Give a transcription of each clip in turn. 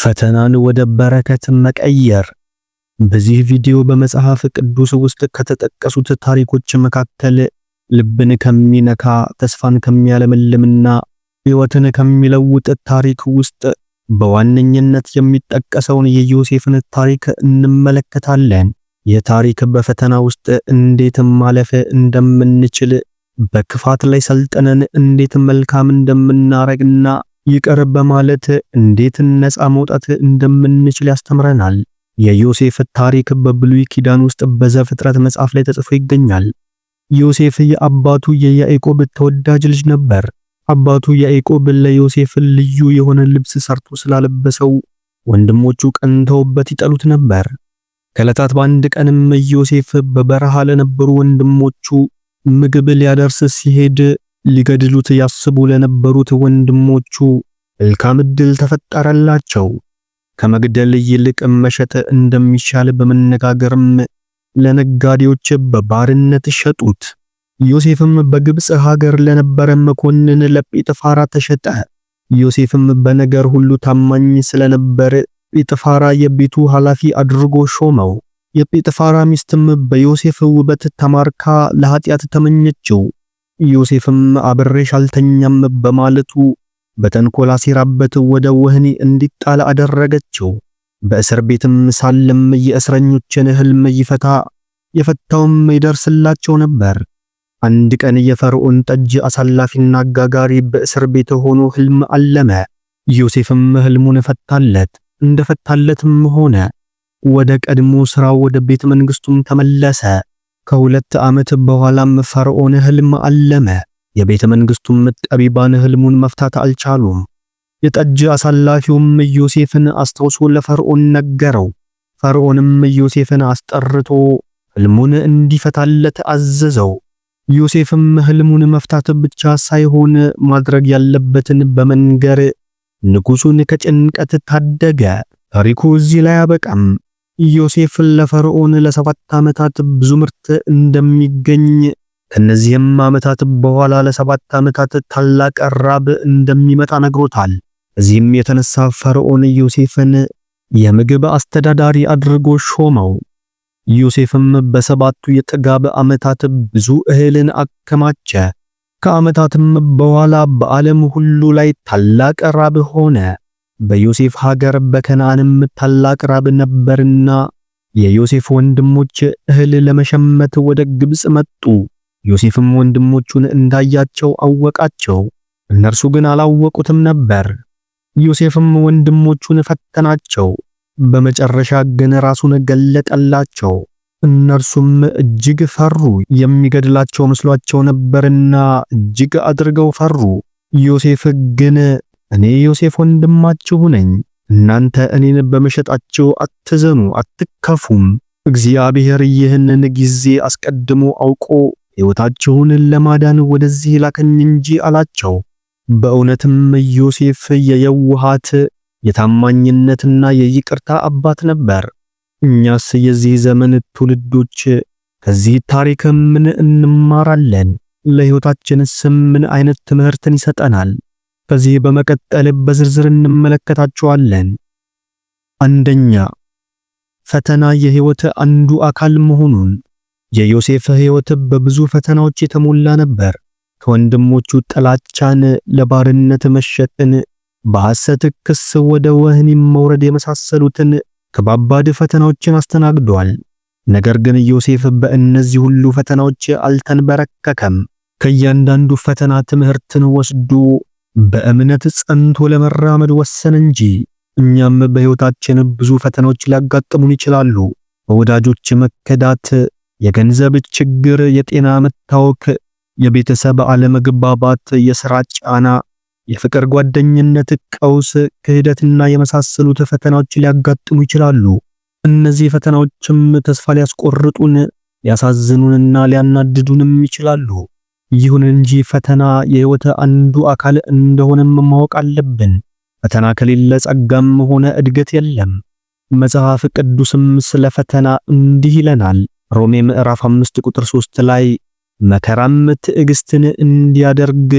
ፈተናን ወደ በረከት መቀየር። በዚህ ቪዲዮ በመጽሐፍ ቅዱስ ውስጥ ከተጠቀሱት ታሪኮች መካከል ልብን ከሚነካ ተስፋን ከሚያለመልምና ሕይወትን ከሚለውጥ ታሪክ ውስጥ በዋነኝነት የሚጠቀሰውን የዮሴፍን ታሪክ እንመለከታለን። ይህ ታሪክ በፈተና ውስጥ እንዴት ማለፍ እንደምንችል፣ በክፋት ላይ ሰልጠነን እንዴት መልካም እንደምናረግና ይቅር በማለት እንዴት ነፃ መውጣት እንደምንችል ያስተምረናል። የዮሴፍ ታሪክ በብሉይ ኪዳን ውስጥ በዘፍጥረት መጽሐፍ ላይ ተጽፎ ይገኛል። ዮሴፍ የአባቱ የያዕቆብ ተወዳጅ ልጅ ነበር። አባቱ ያዕቆብ ለዮሴፍ ልዩ የሆነ ልብስ ሰርቶ ስላለበሰው ወንድሞቹ ቀንተውበት ይጠሉት ነበር። ከዕለታት በአንድ ቀንም ዮሴፍ በበረሃ ለነበሩ ወንድሞቹ ምግብ ሊያደርስ ሲሄድ ሊገድሉት ያስቡ ለነበሩት ወንድሞቹ መልካም እድል ተፈጠረላቸው። ከመግደል ይልቅ መሸጥ እንደሚሻል በመነጋገርም ለነጋዴዎች በባርነት ሸጡት። ዮሴፍም በግብፅ ሀገር ለነበረ መኮንን ለጲጥፋራ ተሸጠ። ዮሴፍም በነገር ሁሉ ታማኝ ስለነበር ጲጥፋራ የቤቱ ኃላፊ አድርጎ ሾመው። የጲጥፋራ ሚስትም በዮሴፍ ውበት ተማርካ ለኃጢአት ተመኘችው። ዮሴፍም አብሬሽ አልተኛም በማለቱ በተንኮል አሲራበት ወደ ወህኒ እንዲጣል አደረገችው። በእስር ቤትም ሳለም የእስረኞችን ህልም ይፈታ የፈታውም ይደርስላቸው ነበር። አንድ ቀን የፈርዖን ጠጅ አሳላፊና አጋጋሪ በእስር ቤት ሆኖ ህልም አለመ። ዮሴፍም ህልሙን ፈታለት፣ እንደፈታለትም ሆነ። ወደ ቀድሞ ስራው ወደ ቤተ መንግስቱም ተመለሰ። ከሁለት ዓመት በኋላም ፈርዖን ህልም አለመ። የቤተ መንግስቱም ጠቢባን ህልሙን መፍታት አልቻሉም። የጠጅ አሳላፊውም ዮሴፍን አስታውሶ ለፈርዖን ነገረው። ፈርዖንም ዮሴፍን አስጠርቶ ህልሙን እንዲፈታለት አዘዘው። ዮሴፍም ህልሙን መፍታት ብቻ ሳይሆን ማድረግ ያለበትን በመንገር ንጉሱን ከጭንቀት ታደገ። ታሪኩ እዚህ ላይ አበቃም። ዮሴፍ ለፈርዖን ለሰባት ዓመታት ብዙ ምርት እንደሚገኝ ከነዚህም ዓመታት በኋላ ለሰባት ዓመታት ታላቅ ራብ እንደሚመጣ ነግሮታል። እዚህም የተነሳ ፈርዖን ዮሴፍን የምግብ አስተዳዳሪ አድርጎ ሾመው። ዮሴፍም በሰባቱ የጥጋብ ዓመታት ብዙ እህልን አከማቸ። ከዓመታትም በኋላ በዓለም ሁሉ ላይ ታላቅ ራብ ሆነ። በዮሴፍ ሀገር በከነዓንም ታላቅ ራብ ነበርና የዮሴፍ ወንድሞች እህል ለመሸመት ወደ ግብጽ መጡ። ዮሴፍም ወንድሞቹን እንዳያቸው አወቃቸው፣ እነርሱ ግን አላወቁትም ነበር። ዮሴፍም ወንድሞቹን ፈተናቸው፣ በመጨረሻ ግን ራሱን ገለጠላቸው። እነርሱም እጅግ ፈሩ፣ የሚገድላቸው መስሏቸው ነበርና እጅግ አድርገው ፈሩ። ዮሴፍ ግን እኔ ዮሴፍ ወንድማችሁ ነኝ፣ እናንተ እኔን በመሸጣችሁ አትዘኑ አትከፉም። እግዚአብሔር ይህንን ጊዜ አስቀድሞ አውቆ ሕይወታችሁን ለማዳን ወደዚህ ላከኝ እንጂ አላቸው። በእውነትም ዮሴፍ የየውሃት የታማኝነትና የይቅርታ አባት ነበር። እኛስ የዚህ ዘመን ትውልዶች ከዚህ ታሪክ ምን እንማራለን? ለሕይወታችንስ ምን አይነት ትምህርትን ይሰጠናል? ከዚህ በመቀጠል በዝርዝር እንመለከታቸዋለን። አንደኛ ፈተና የህይወት አንዱ አካል መሆኑን። የዮሴፍ ህይወት በብዙ ፈተናዎች የተሞላ ነበር። ከወንድሞቹ ጥላቻን፣ ለባርነት መሸጥን፣ በሐሰት ክስ ወደ ወህኒ መውረድ የመሳሰሉትን ከባባድ ፈተናዎችን አስተናግዷል። ነገር ግን ዮሴፍ በእነዚህ ሁሉ ፈተናዎች አልተንበረከከም። ከእያንዳንዱ ፈተና ትምህርትን ወስዶ በእምነት ጸንቶ ለመራመድ ወሰን እንጂ እኛም በሕይወታችን ብዙ ፈተናዎች ሊያጋጥሙን ይችላሉ። በወዳጆች መከዳት፣ የገንዘብ ችግር፣ የጤና መታወክ፣ የቤተሰብ አለመግባባት፣ የሥራ ጫና፣ የፍቅር ጓደኝነት ቀውስ፣ ክህደትና የመሳሰሉት ፈተናዎች ሊያጋጥሙ ይችላሉ። እነዚህ ፈተናዎችም ተስፋ ሊያስቆርጡን ሊያሳዝኑንና ሊያናድዱንም ይችላሉ። ይሁን እንጂ ፈተና የህይወት አንዱ አካል እንደሆነም ማወቅ አለብን። ፈተና ከሌለ ጸጋም ሆነ እድገት የለም። መጽሐፍ ቅዱስም ስለ ፈተና እንዲህ ይለናል። ሮሜ ምዕራፍ 5 ቁጥር 3 ላይ መከራም ትዕግስትን እንዲያደርግ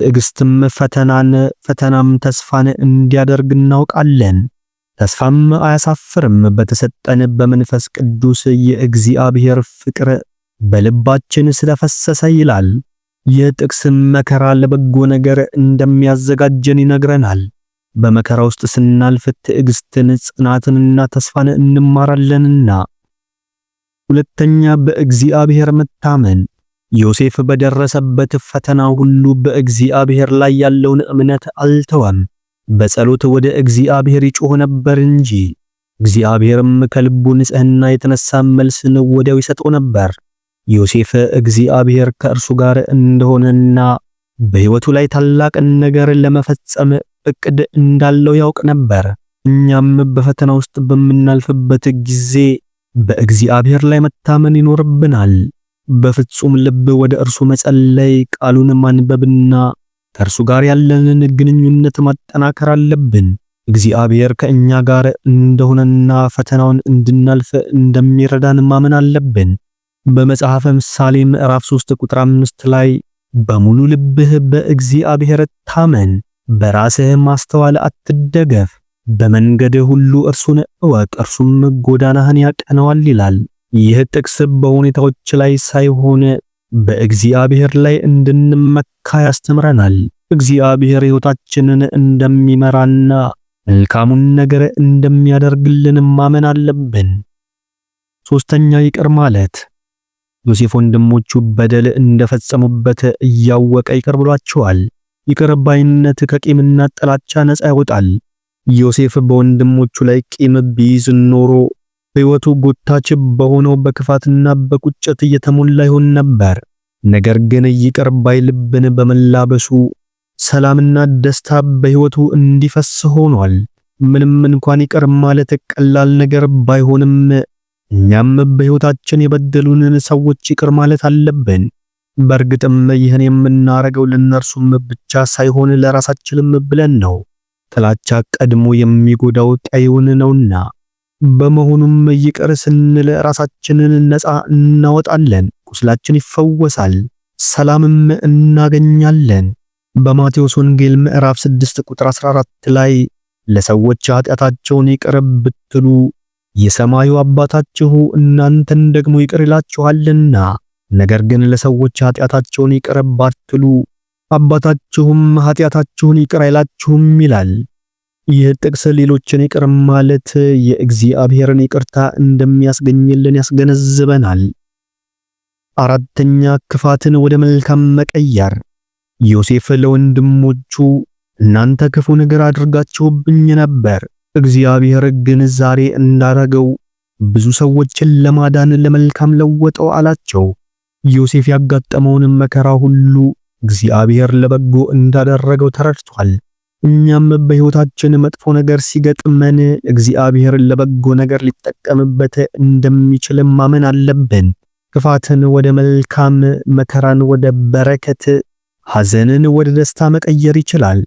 ትዕግስትም ፈተናን ፈተናም ተስፋን እንዲያደርግ እናውቃለን። ተስፋም አያሳፍርም፣ በተሰጠን በመንፈስ ቅዱስ የእግዚአብሔር ፍቅር በልባችን ስለፈሰሰ ይላል። ይህ መከራ ለበጎ ነገር እንደሚያዘጋጀን ይነግረናል። በመከራ ውስጥ ስናልፍ ትዕግስትን፣ ጽናትንና ተስፋን እንማራለንና። ሁለተኛ በእግዚአብሔር መታመን። ዮሴፍ በደረሰበት ፈተና ሁሉ በእግዚአብሔር ላይ ያለውን እምነት አልተወም። በጸሎት ወደ እግዚአብሔር ይጮህ ነበር እንጂ እግዚአብሔርም ከልቡ ንጽህና የተነሳ መልስን ወዲያው ይሰጠው ነበር። ዮሴፍ እግዚአብሔር ከእርሱ ጋር እንደሆነና በሕይወቱ ላይ ታላቅ ነገር ለመፈጸም እቅድ እንዳለው ያውቅ ነበር። እኛም በፈተና ውስጥ በምናልፍበት ጊዜ በእግዚአብሔር ላይ መታመን ይኖርብናል። በፍጹም ልብ ወደ እርሱ መጸለይ፣ ቃሉን ማንበብና ከእርሱ ጋር ያለንን ግንኙነት ማጠናከር አለብን። እግዚአብሔር ከእኛ ጋር እንደሆነና ፈተናውን እንድናልፍ እንደሚረዳን ማመን አለብን። በመጽሐፈ ምሳሌ ምዕራፍ 3 ቁጥር 5 ላይ በሙሉ ልብህ በእግዚአብሔር ታመን፣ በራስህ ማስተዋል አትደገፍ፣ በመንገድህ ሁሉ እርሱን እወቅ፣ እርሱም ጎዳናህን ያቀነዋል ይላል። ይህ ጥቅስ በሁኔታዎች ላይ ሳይሆን በእግዚአብሔር ላይ እንድንመካ ያስተምረናል። እግዚአብሔር ሕይወታችንን እንደሚመራና መልካሙን ነገር እንደሚያደርግልን ማመን አለብን። ሶስተኛ ይቅር ማለት ዮሴፍ ወንድሞቹ በደል እንደፈጸሙበት እያወቀ ይቅር ብሏቸዋል። ይቅር ባይነት ከቂምና ጥላቻ ነፃ ያወጣል። ዮሴፍ በወንድሞቹ ላይ ቂም ቢይዝ ኖሮ ሕይወቱ ጎታች በሆነው በክፋትና በቁጭት እየተሞላ ይሆን ነበር። ነገር ግን ይቅር ባይ ልብን በመላበሱ ሰላምና ደስታ በሕይወቱ እንዲፈስ ሆኗል። ምንም እንኳን ይቅር ማለት ቀላል ነገር ባይሆንም እኛም በሕይወታችን የበደሉንን ሰዎች ይቅር ማለት አለብን። በእርግጥም ይህን የምናረገው ለነርሱም ብቻ ሳይሆን ለራሳችንም ብለን ነው። ጥላቻ ቀድሞ የሚጎዳው ቀዩን ነውና፣ በመሆኑም ይቅር ስንል ራሳችንን ነፃ እናወጣለን፣ ቁስላችን ይፈወሳል፣ ሰላምም እናገኛለን። በማቴዎስ ወንጌል ምዕራፍ 6 ቁጥር 14 ላይ ለሰዎች ኃጢአታቸውን ይቅር ብትሉ የሰማዩ አባታችሁ እናንተን ደግሞ ይቅር ይላችኋልና ነገር ግን ለሰዎች ኃጢአታቸውን ይቅር ባትሉ አባታችሁም ኃጢአታችሁን ይቅር አይላችሁም ይላል። ይህ ጥቅስ ሌሎችን ይቅር ማለት የእግዚአብሔርን ይቅርታ እንደሚያስገኝልን ያስገነዝበናል። አራተኛ ክፋትን ወደ መልካም መቀየር። ዮሴፍ ለወንድሞቹ እናንተ ክፉ ነገር አድርጋችሁብኝ ነበር እግዚአብሔር ግን ዛሬ እንዳረገው ብዙ ሰዎችን ለማዳን ለመልካም ለወጠው አላቸው። ዮሴፍ ያጋጠመውን መከራ ሁሉ እግዚአብሔር ለበጎ እንዳደረገው ተረድቷል። እኛም በሕይወታችን መጥፎ ነገር ሲገጥመን እግዚአብሔር ለበጎ ነገር ሊጠቀምበት እንደሚችል ማመን አለብን። ክፋትን ወደ መልካም፣ መከራን ወደ በረከት፣ ሐዘንን ወደ ደስታ መቀየር ይችላል።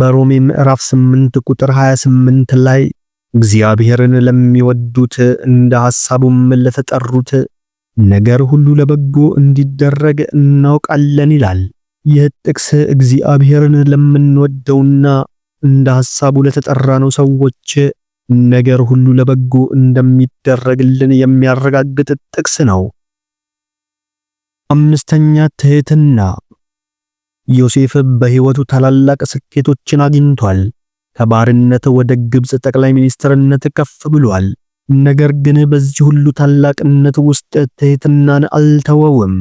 በሮሜ ምዕራፍ 8 ቁጥር 28 ላይ እግዚአብሔርን ለሚወዱት እንደ ሐሳቡም ለተጠሩት ነገር ሁሉ ለበጎ እንዲደረግ እናውቃለን ይላል። ይህ ጥቅስ እግዚአብሔርን ለምንወደውና እንደ ሐሳቡ ለተጠራነው ሰዎች ነገር ሁሉ ለበጎ እንደሚደረግልን የሚያረጋግጥ ጥቅስ ነው። አምስተኛ ትህትና ዮሴፍ በሕይወቱ ታላላቅ ስኬቶችን አግኝቷል። ከባርነት ወደ ግብጽ ጠቅላይ ሚኒስትርነት ከፍ ብሏል። ነገር ግን በዚህ ሁሉ ታላቅነት ውስጥ ትሕትናን አልተወውም።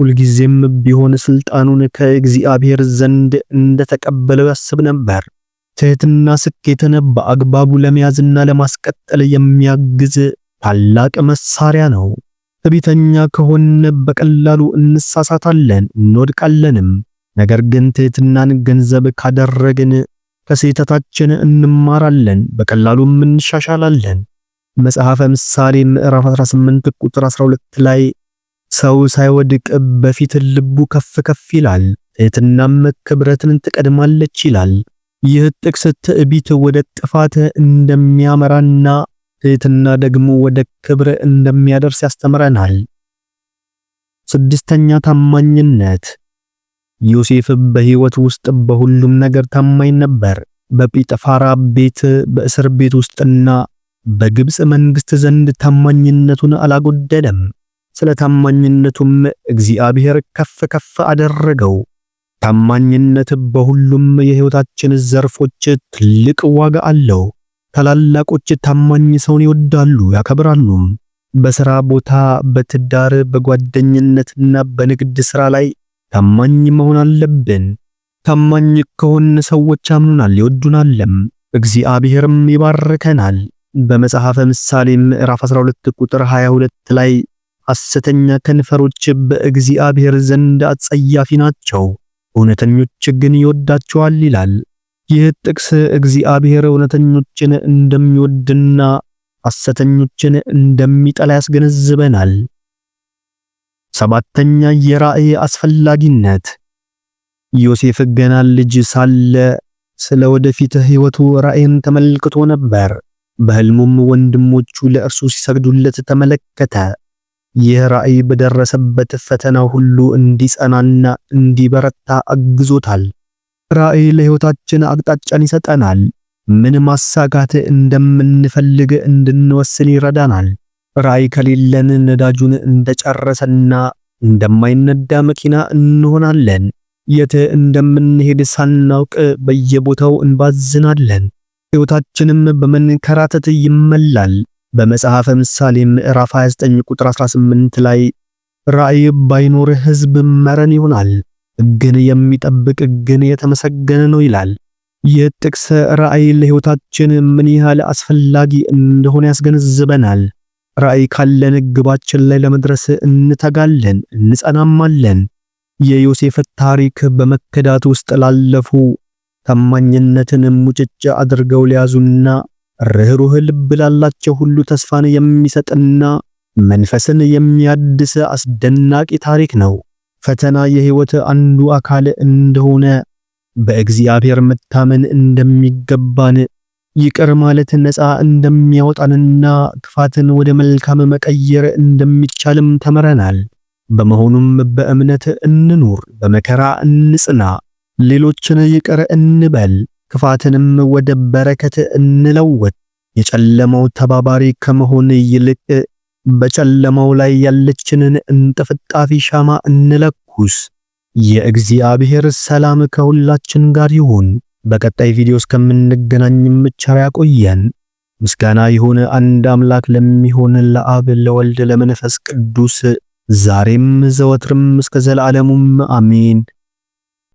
ሁልጊዜም ቢሆን ስልጣኑን ከእግዚአብሔር ዘንድ እንደተቀበለው ያስብ ነበር። ትሕትና ስኬትን በአግባቡ ለመያዝና ለማስቀጠል የሚያግዝ ታላቅ መሳሪያ ነው። ትዕቢተኛ ከሆነ በቀላሉ እንሳሳታለን፣ እንወድቃለንም። ነገር ግን ትህትናን ገንዘብ ካደረግን ከስህተታችን እንማራለን፣ በቀላሉም እንሻሻላለን። መጽሐፈ ምሳሌ ምዕራፍ 18 ቁጥር 12 ላይ ሰው ሳይወድቅ በፊት ልቡ ከፍ ከፍ ይላል፣ ትህትናም ክብረትን ትቀድማለች ይላል። ይህ ጥቅስ ትዕቢት ወደ ጥፋት እንደሚያመራና ትህትና ደግሞ ወደ ክብር እንደሚያደርስ ያስተምረናል። ስድስተኛ ታማኝነት ዮሴፍ በሕይወት ውስጥ በሁሉም ነገር ታማኝ ነበር። በጲጥፋራ ቤት፣ በእስር ቤት ውስጥና በግብፅ መንግሥት ዘንድ ታማኝነቱን አላጎደለም። ስለ ታማኝነቱም እግዚአብሔር ከፍ ከፍ አደረገው። ታማኝነት በሁሉም የሕይወታችን ዘርፎች ትልቅ ዋጋ አለው። ታላላቆች ታማኝ ሰውን ይወዳሉ፣ ያከብራሉ። በሥራ ቦታ፣ በትዳር፣ በጓደኝነትና በንግድ ሥራ ላይ ታማኝ መሆን አለብን። ታማኝ ከሆን ሰዎች ያምኑናል፣ ይወዱናልም፣ እግዚአብሔርም ይባርከናል። በመጽሐፈ ምሳሌ ምዕራፍ 12 ቁጥር 22 ላይ ሐሰተኛ ከንፈሮች በእግዚአብሔር ዘንድ አጸያፊ ናቸው፣ እውነተኞች ግን ይወዳቸዋል ይላል። ይህ ጥቅስ እግዚአብሔር እውነተኞችን እንደሚወድና ሐሰተኞችን እንደሚጠላ ያስገነዝበናል። ሰባተኛ የራእይ አስፈላጊነት ዮሴፍ ገና ልጅ ሳለ ስለ ወደፊት ሕይወቱ ራእይን ተመልክቶ ነበር። በሕልሙም ወንድሞቹ ለእርሱ ሲሰግዱለት ተመለከተ። ይህ ራእይ በደረሰበት ፈተና ሁሉ እንዲጸናና እንዲበረታ አግዞታል። ራእይ ለሕይወታችን አቅጣጫን ይሰጠናል። ምን ማሳካት እንደምንፈልግ እንድንወስን ይረዳናል። ራይ ከሌለን ነዳጁን እንደጨረሰና እንደማይነዳ መኪና እንሆናለን። የት እንደምንሄድ ሳናውቅ በየቦታው እንባዝናለን። ሕይወታችንም በመንከራተት ይመላል። በመጽሐፈ ምሳሌ ምዕራፍ 29 ቁጥር 18 ላይ ራዕይ ባይኖር ሕዝብ መረን ይሆናል፣ ሕግን የሚጠብቅ ግን የተመሰገነ ነው ይላል። ይህ ጥቅስ ራዕይ ለሕይወታችን ምን ያህል አስፈላጊ እንደሆነ ያስገነዝበናል። ራዕይ ካለን ግባችን ላይ ለመድረስ እንተጋለን፣ እንጸናማለን። የዮሴፍ ታሪክ በመከዳት ውስጥ ላለፉ ታማኝነትን ሙጭጭ አድርገው ሊያዙና ርህሩህ ልብ ላላቸው ሁሉ ተስፋን የሚሰጥና መንፈስን የሚያድስ አስደናቂ ታሪክ ነው። ፈተና የህይወት አንዱ አካል እንደሆነ በእግዚአብሔር መታመን እንደሚገባን ይቅር ማለት ነፃ እንደሚያወጣንና ክፋትን ወደ መልካም መቀየር እንደሚቻልም ተምረናል። በመሆኑም በእምነት እንኑር፣ በመከራ እንጽና፣ ሌሎችን ይቅር እንበል፣ ክፋትንም ወደ በረከት እንለውጥ። የጨለማው ተባባሪ ከመሆን ይልቅ በጨለማው ላይ ያለችንን እንጥፍጣፊ ሻማ እንለኩስ። የእግዚአብሔር ሰላም ከሁላችን ጋር ይሁን። በቀጣይ ቪዲዮ እስከምንገናኝ ቸር ያቆየን። ምስጋና የሆነ አንድ አምላክ ለሚሆን ለአብ ለወልድ ለመንፈስ ቅዱስ ዛሬም ዘወትርም እስከ ዘላለሙም አሜን።